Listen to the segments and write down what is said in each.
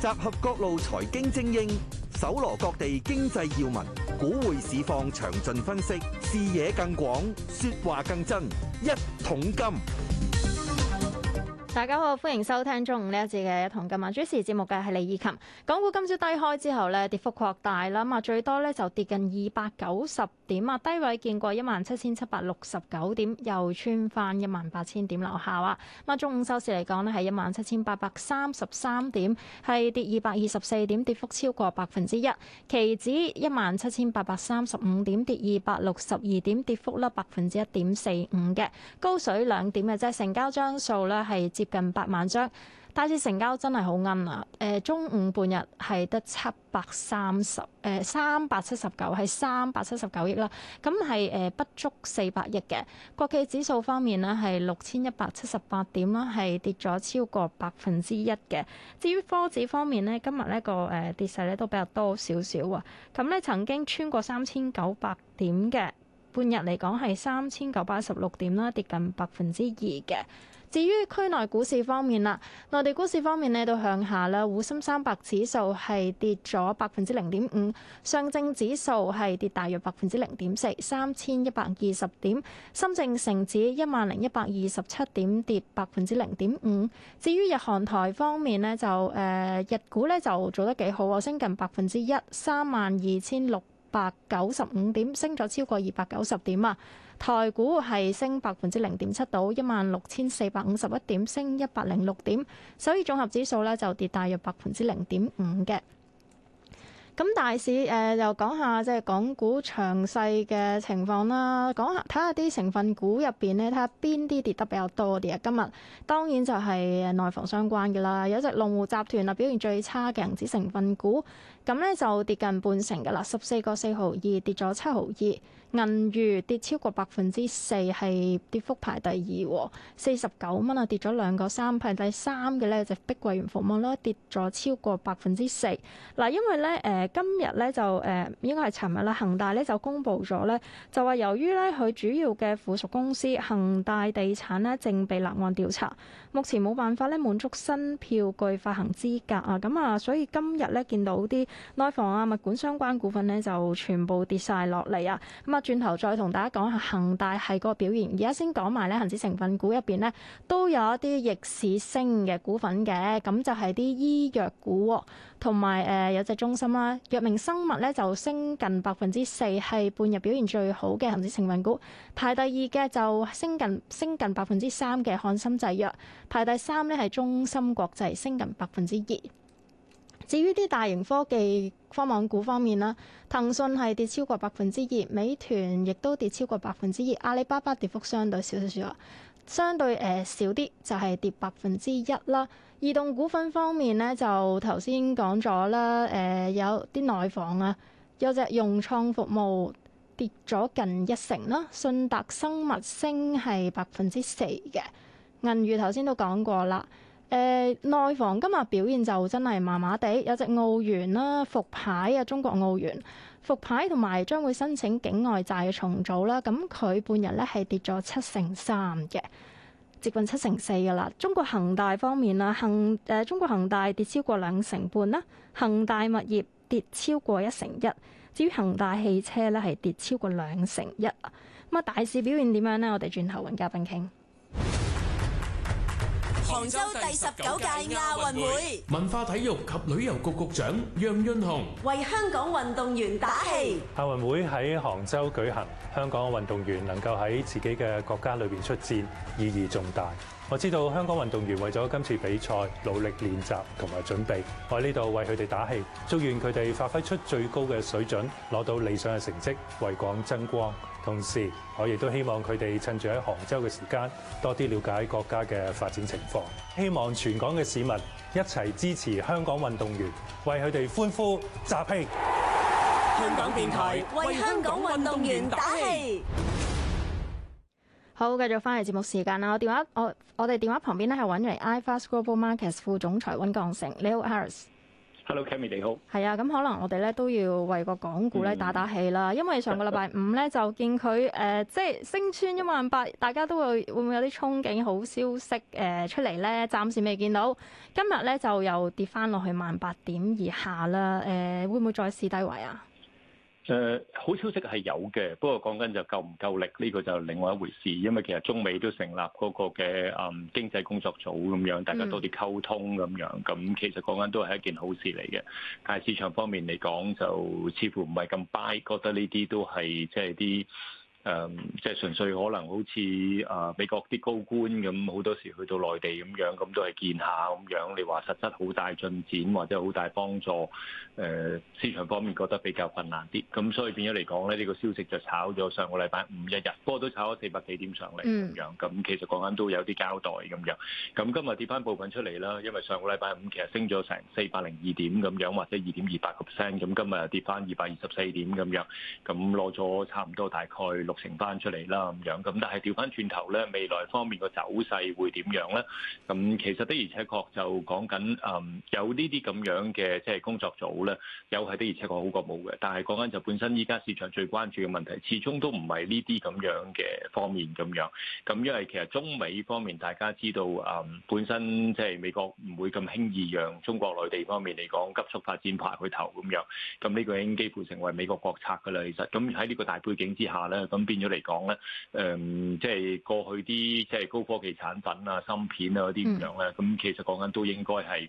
集合各路財經精英，搜羅各地經濟要聞，股匯市況詳盡分析，視野更廣，說話更真，一桶金。大家好，歡迎收聽中午呢一節嘅《一桶金》，主持節目嘅係李以琴。港股今朝低開之後咧，跌幅擴大啦，啊，最多咧就跌近二百九十。點啊。低位見過一萬七千七百六十九點，又穿返一萬八千點樓下啦。咁中午收市嚟講呢，係一萬七千八百三十三點，係跌二百二十四點，跌幅超過百分之一。期指一萬七千八百三十五點，跌二百六十二點，跌幅咧百分之一點四五嘅，高水兩點嘅啫，成交張數呢係接近八萬張。大市成交真係好奀啊！誒，中午半日係得七百三十誒三百七十九，係三百七十九億啦。咁係誒不足四百億嘅。國企指數方面呢係六千一百七十八點啦，係跌咗超過百分之一嘅。至於科指方面呢，今日呢個誒跌勢咧都比較多少少啊。咁呢曾經穿過三千九百點嘅，半日嚟講係三千九百一十六點啦，跌近百分之二嘅。至於區內股市方面啦，內地股市方面呢都向下啦，滬深三百指數係跌咗百分之零點五，上證指數係跌大約百分之零點四，三千一百二十點，深證成指一萬零一百二十七點跌百分之零點五。至於日韓台方面呢，就誒、呃、日股呢就做得幾好，升近百分之一，三萬二千六百九十五點，升咗超過二百九十點啊！台股係升百分之零點七到一萬六千四百五十一點，升一百零六點。所以綜合指數咧就跌大約百分之零點五嘅。咁大市誒又講下即係港股詳細嘅情況啦，講下睇下啲成分股入邊咧，睇下邊啲跌得比較多啲啊！今日當然就係內房相關嘅啦，有隻龍湖集團啊，表現最差嘅恆指成分股。咁咧就跌近半成嘅啦，十四個四毫二跌咗七毫二，銀娛跌超過百分之四，係跌幅排第二，四十九蚊啊跌咗兩個三，排第三嘅咧就碧桂園服務啦，跌咗超過百分之四。嗱，因為咧誒、呃、今日咧就誒、呃、應該係尋日啦，恒大咧就公布咗咧，就話由於咧佢主要嘅附屬公司恒大地產咧正被立案調查，目前冇辦法咧滿足新票據發行資格啊，咁啊所以今日咧見到啲。內房啊、物管相關股份呢，就全部跌晒落嚟啊！咁啊，轉頭再同大家講下，恒大係個表現。而家先講埋咧，恒指成分股入邊呢，都有一啲逆市升嘅股份嘅。咁就係啲醫藥股，同埋誒有隻、呃、中芯啦、啊。藥明生物咧就升近百分之四，係半日表現最好嘅恒指成分股。排第二嘅就升近升近百分之三嘅漢森製藥，排第三咧係中芯國際，升近百分之二。至於啲大型科技科網股方面啦，騰訊係跌超過百分之二，美團亦都跌超過百分之二，阿里巴巴跌幅相對少少啦，相對誒、呃、少啲就係、是、跌百分之一啦。移動股份方面呢就頭先講咗啦，誒、呃、有啲內房啊，有隻融創服務跌咗近一成啦，信達生物升係百分之四嘅，銀娛頭先都講過啦。誒、呃、內房今日表現就真係麻麻地，有隻奧園啦，復牌啊，中國奧園復牌同埋將會申請境外債嘅重組啦，咁、啊、佢半日咧係跌咗七成三嘅，接近七成四噶啦。中國恒大方面啦，恆誒、呃、中國恒大跌超過兩成半啦，恒大物業跌超過一成一，至於恒大汽車咧係跌超過兩成一。咁啊，大市表現點樣呢？我哋轉頭揾嘉賓傾。杭州第十九屆亞運會，文化體育及旅遊局局長楊潤雄為香港運動員打氣。亞運會喺杭州舉行，香港嘅運動員能夠喺自己嘅國家裏邊出戰，意義重大。我知道香港運動員為咗今次比賽努力練習同埋準備，我喺呢度為佢哋打氣，祝願佢哋發揮出最高嘅水準，攞到理想嘅成績，為港爭光。同時，我亦都希望佢哋趁住喺杭州嘅時間，多啲了解國家嘅發展情況，希望全港嘅市民一齊支持香港運動員，為佢哋歡呼、集氣。香港電台，為香港運動員打氣。好，繼續翻嚟節目時間啦！我電話，我我哋電話旁邊咧係揾嚟 iFast Global Markets 副總裁溫鋼城 Leo Harris。Hello，Cammy，你好。係啊，咁可能我哋咧都要為個港股咧打打氣啦，因為上個禮拜五咧就見佢誒、呃，即係升穿一萬八，大家都會會唔會有啲憧憬好消息誒出嚟咧？暫時未見到，今日咧就又跌翻落去萬八點以下啦。誒、呃，會唔會再試低位啊？誒、uh, 好消息係有嘅，不過講緊就夠唔夠力呢、呢個就另外一回事，因為其實中美都成立嗰個嘅誒、嗯、經濟工作組咁樣，大家多啲溝通咁樣，咁其實講緊都係一件好事嚟嘅。但係市場方面嚟講，就似乎唔係咁 buy，覺得呢啲都係即係啲。就是誒，即係純粹可能好似啊美國啲高官咁，好多時去到內地咁樣，咁都係見下咁樣。你話實質好大進展或者好大幫助，誒、呃、市場方面覺得比較困難啲，咁所以變咗嚟講咧，呢、呢個消息就炒咗上個禮拜五一日，不過都炒咗四百幾點上嚟咁樣。咁其實講緊都有啲交代咁樣。咁今日跌翻部分出嚟啦，因為上個禮拜五其實升咗成四百零二點咁樣，或者二點二八個 percent。咁今日又跌翻二百二十四點咁樣，咁攞咗差唔多大概，落成翻出嚟啦，咁樣。咁，但係調翻轉頭咧，未來方面個走勢會點樣咧？咁其實的而且確就講緊，誒有呢啲咁樣嘅即係工作組咧，有係的而且確好過冇嘅。但係講緊就本身依家市場最關注嘅問題，始終都唔係呢啲咁樣嘅方面咁樣。咁因為其實中美方面大家知道誒，本身即係美國唔會咁輕易讓中國內地方面嚟講急速發展排去投咁樣。咁呢個已經幾乎成為美國國策噶啦，其實咁喺呢個大背景之下咧，變咗嚟講咧，誒、嗯，即、就、係、是、過去啲即係高科技產品啊、芯片啊嗰啲咁樣咧，咁、mm. 其實講緊都應該係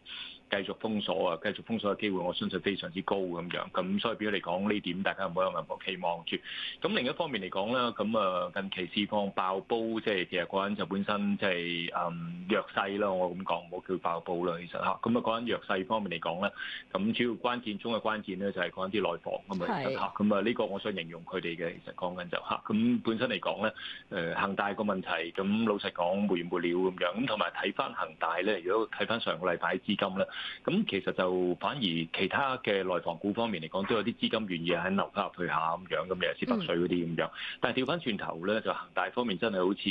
繼續封鎖啊，繼續封鎖嘅機會，我相信非常之高咁樣。咁所以變咗嚟講呢點，大家唔好有任何期望住。咁另一方面嚟講咧，咁啊近期市況爆煲，即係其實嗰陣就本身即係誒弱勢啦。我咁講，唔好叫爆煲啦，其實嚇。咁啊講緊弱勢方面嚟講咧，咁主要關鍵中嘅關鍵咧就係講緊啲內房咁啊嚇。咁啊呢個我想形容佢哋嘅，其實講緊就嚇、是。咁本身嚟講咧，誒恒大個問題，咁老實講沒完沒了咁樣。咁同埋睇翻恒大咧，如果睇翻上個禮拜資金咧，咁其實就反而其他嘅內房股方面嚟講，都有啲資金願意喺樓下退下咁樣，咁尤其係北水嗰啲咁樣。但係調翻轉頭咧，就恒大方面真係好似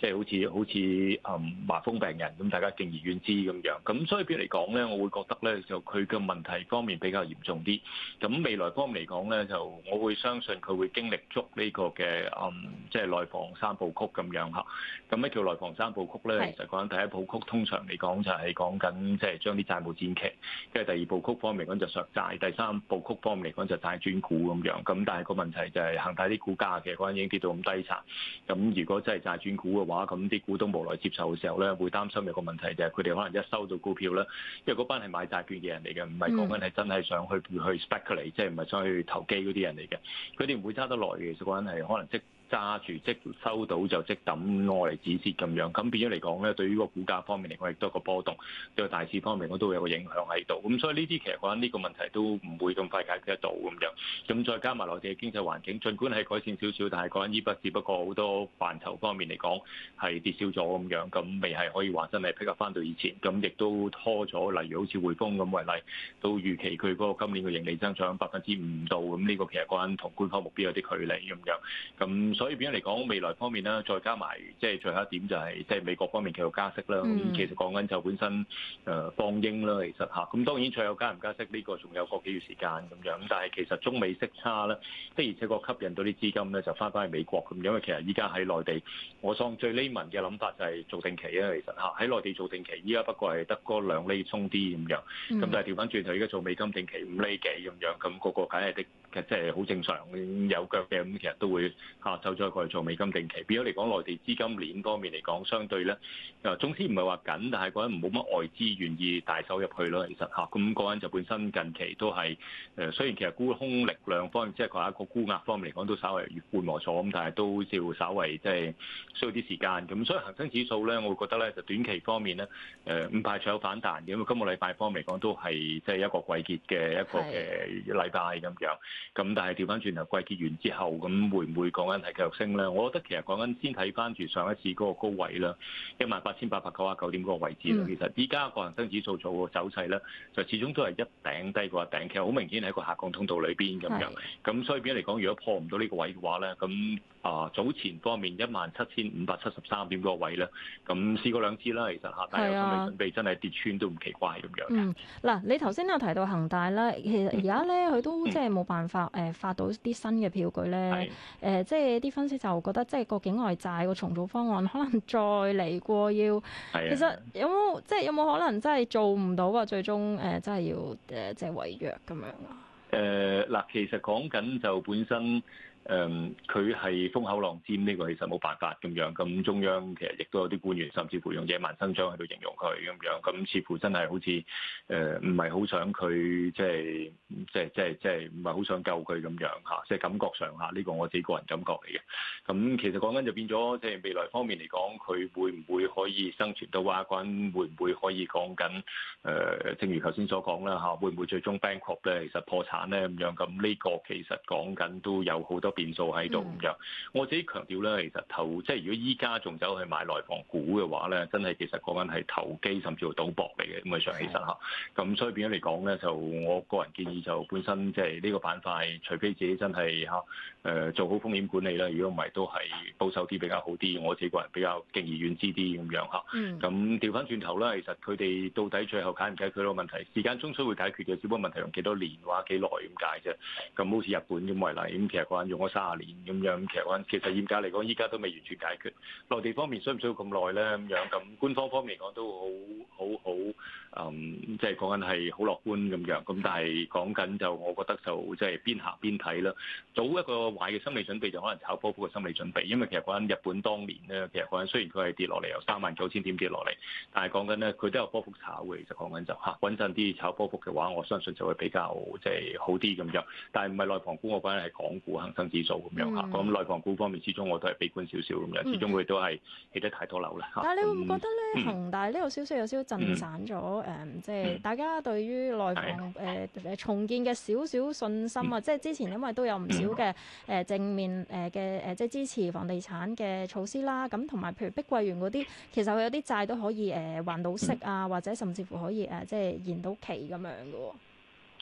即係好似好似誒麻風病人咁，大家敬而遠之咁樣。咁所以譬如嚟講咧，我會覺得咧，就佢嘅問題方面比較嚴重啲。咁未來方面嚟講咧，就我會相信佢會經歷足呢。個嘅即係內房三部曲咁樣嚇。咁咩叫內房三部曲咧？的其實講緊第一部曲，通常嚟講就係講緊即係將啲債務展期；跟住第二部曲方面講就削債；第三部曲方面嚟講就債轉股咁樣。咁但係個問題就係，恒大啲股價其實講緊已經跌到咁低層。咁如果真係債轉股嘅話，咁啲股東無奈接受嘅時候咧，會擔心有個問題就係佢哋可能一收到股票咧，因為嗰班係買債券嘅人嚟嘅，唔係講緊係真係想去去 speculate 嚟，即係唔係想去投機嗰啲人嚟嘅，佢哋唔會揸得耐嘅。係，可能即。揸住即著收到就即等，我嚟止蝕咁樣。咁變咗嚟講咧，對於個股價方面嚟講，亦都係一個波動，對個大市方面我都有個影響喺度。咁所以呢啲其實講呢個問題都唔會咁快解決得到咁樣。咁再加埋內地嘅經濟環境，儘管係改善少少，但係講緊依筆，只不過好多範疇方面嚟講係跌少咗咁樣，咁未係可以話真係 pick up 返到以前。咁亦都拖咗，例如好似匯豐咁為例，都預期佢嗰個今年嘅盈利增長百分之五度咁。呢個其實講緊同官方目標有啲距離咁樣。咁所以變咗嚟講，未來方面咧，再加埋，即係最後一點就係，即係美國方面繼續加息啦。咁、mm. 其實講緊就本身誒放鷹啦，其實嚇。咁當然最後加唔加息呢個，仲有個幾月時間咁樣。但係其實中美息差咧，的而且確吸引到啲資金咧，就翻返去美國咁樣。因為其實依家喺內地，我當最匿民嘅諗法就係做定期啊，其實嚇喺內地做定期，依家不過係得嗰兩厘鬆啲咁樣。咁但係調翻轉頭，而家做美金定期五厘幾咁樣，咁、那個個梗係的。其實即係好正常，有腳嘅咁，其實都會下週再過嚟做美金定期。變咗嚟講，內地資金鏈方面嚟講，相對咧，誒，總之唔係話緊，但係嗰陣唔冇乜外資願意大手入去咯。其實嚇，咁嗰陣就本身近期都係誒，雖然其實沽空力量方面，即係話個沽壓方面嚟講都稍為緩和咗，咁但係都似乎稍為即係需要啲時間。咁所以恒生指數咧，我覺得咧就短期方面咧，誒唔排除有反彈嘅。咁今個禮拜方面嚟講，都係即係一個季結嘅一個嘅禮拜咁樣。咁但係調翻轉頭，季結完之後，咁會唔會講緊係繼續升咧？我覺得其實講緊先睇翻住上一次嗰個高位啦，一萬八千八百九啊九點嗰個位置啦。其實依家個恒生指數做個走勢咧，就始終都係一頂低過一頂，其實好明顯喺一個下降通道裏邊咁樣。咁是所以，比如嚟講，如果破唔到呢個位嘅話咧，咁。啊，早前方面一萬七千五百七十三點嗰個位咧，咁試過兩次啦，其實恒大有冇準備、啊、真係跌穿都唔奇怪咁樣嘅。嗱、嗯啊，你頭先都有提到恒大啦，其實而家咧佢都即係冇辦法誒、呃、發到啲新嘅票據咧，誒、啊呃、即係啲分析就覺得即係個境外債個重組方案可能再嚟過要，啊、其實有冇即係有冇可能真係做唔到啊？最終誒、呃、真係要誒即係違約咁樣啊？誒嗱、呃，其實講緊就本身。誒，佢係風口浪尖，呢個其實冇辦法咁樣。咁中央其實亦都有啲官員，甚至乎用野蠻生長喺度形容佢咁樣。咁似乎真係好似誒，唔係好想佢即係即係即係即係唔係好想救佢咁樣嚇。即係感覺上嚇，呢個我自己個人感覺嚟嘅。咁其實講緊就變咗，即係未來方面嚟講，佢會唔會可以生存到話？講會唔會可以講緊誒？正如頭先所講啦嚇，會唔會最終 bankrupt 咧？其實破產咧咁樣。咁呢個其實講緊都有好多。變數喺度咁樣， 嗯、我自己強調咧，其實投即係如果依家仲走去買內房股嘅話咧，真係其實嗰班係投機甚至乎賭博嚟嘅咁嘅上，其、那個、實嚇咁的所以變咗嚟講咧，就我個人建議就本身即係呢個板塊，除非自己真係嚇誒做好風險管理啦，如果唔係都係保守啲比較好啲。我自己個人比較敬而遠之啲咁樣嚇。咁調翻轉頭咧，其實佢哋到底最後解唔解決到問題？時間終須會解決嘅，只不過問題用幾多年或者幾耐咁解啫。咁好似日本咁為例，咁其實嗰班用三十年咁樣，其實講，其實嚴格嚟講，依家都未完全解決。內地方面需唔需要咁耐咧？咁樣咁官方方面講都好好好，嗯，即係講緊係好樂觀咁樣。咁但係講緊就，我覺得就即係邊行邊睇啦。早一個壞嘅心理準備就可能炒波幅嘅心理準備，因為其實講緊日本當年咧，其實講緊雖然佢係跌落嚟，由三萬九千點跌落嚟，但係講緊咧佢都有波幅炒嘅。其實講緊就嚇穩陣啲炒波幅嘅話，我相信就會比較即係好啲咁樣。但係唔係內房股我講緊係港股、恆生。指數咁樣嚇，咁、嗯、內房股方面始終我都係悲觀少少咁樣，始終佢都係起得太多樓啦。嗯嗯、但係你會唔會覺得咧，恒、嗯、大呢個消息有少少震散咗誒？即係、嗯嗯即係、大家對於內房誒、嗯呃、重建嘅少少信心啊！嗯、即係之前因為都有唔少嘅誒正面誒嘅誒，即係支持房地產嘅措施啦。咁同埋譬如碧桂園嗰啲，其實佢有啲債都可以誒還到息啊，嗯、或者甚至乎可以誒即係延到期咁樣嘅喎。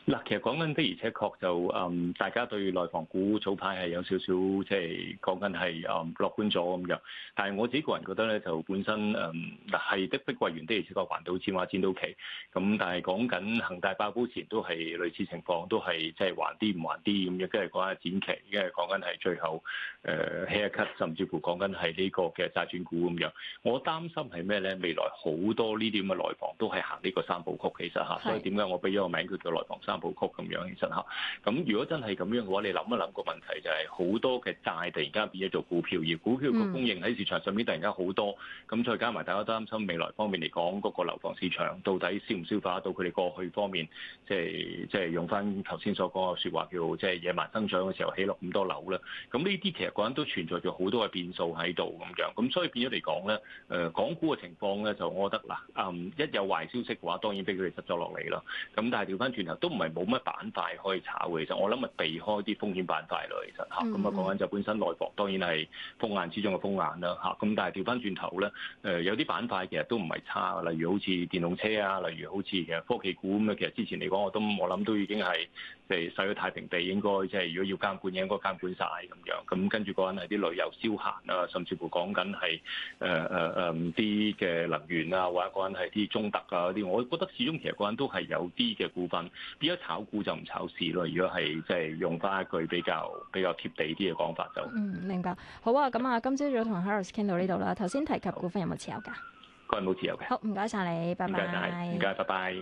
嗱，其實講緊的而且確就誒，大家對內房股早排係有少少即係講緊係誒樂觀咗咁樣。但係我自己個人覺得咧，就本身誒係、嗯、的確，碧桂園的而且確還到錢、還到期。咁但係講緊恒大爆煲前都係類似情況，都係即係還啲唔還啲咁樣，跟住講下展期，跟住講緊係最後誒、呃、hair cut，甚至乎講緊係呢個嘅債轉股咁樣。我擔心係咩咧？未來好多呢啲咁嘅內房都係行呢個三部曲，其實嚇。所以點解我俾咗個名叫做內房三曲咁樣其實嚇，咁、 嗯、如果真係咁樣嘅話，你諗一諗個問題就係好多嘅債突然間變咗做股票，而股票嘅供應喺市場上面突然間好多，咁再加埋大家擔心未來方面嚟講，嗰、那個樓房市場到底消唔消化到佢哋過去方面，即係即係用翻頭先所講嘅説話，叫即係野蠻增長嘅時候起落咁多樓咧，咁呢啲其實講都存在咗好多嘅變數喺度咁樣，咁所以變咗嚟講咧，誒港股嘅情況咧就我覺得嗱，嗯，一有壞消息嘅話，當然俾佢哋執咗落嚟啦，咁但係調翻轉頭都唔係。冇乜板塊可以炒嘅，其實我諗係避開啲風險板塊咯。其實嚇，咁啊講緊就本身內房當然係風險之中嘅風險啦。嚇，咁但係調翻轉頭咧，誒有啲板塊其實都唔係差嘅，例如好似電動車啊，例如好似其實科技股咁啊，其實之前嚟講我都我諗都已經係。誒，細個太平地應該即係，如果要監管，應該監管晒。咁樣。咁跟住個話係啲旅遊消閒啊，甚至乎講緊係誒誒誒啲嘅能源啊，或者個話係啲中特啊嗰啲。我覺得始終其實個話都係有啲嘅股份。變咗炒股就唔炒市咯。如果係即係用翻一句比較比較貼地啲嘅講法就嗯，明白。好啊，咁啊，今朝早同 Harris 傾到呢度啦。頭先提及股份有冇持有㗎？個人冇持有嘅。好，唔該晒你，拜拜。唔該，拜拜。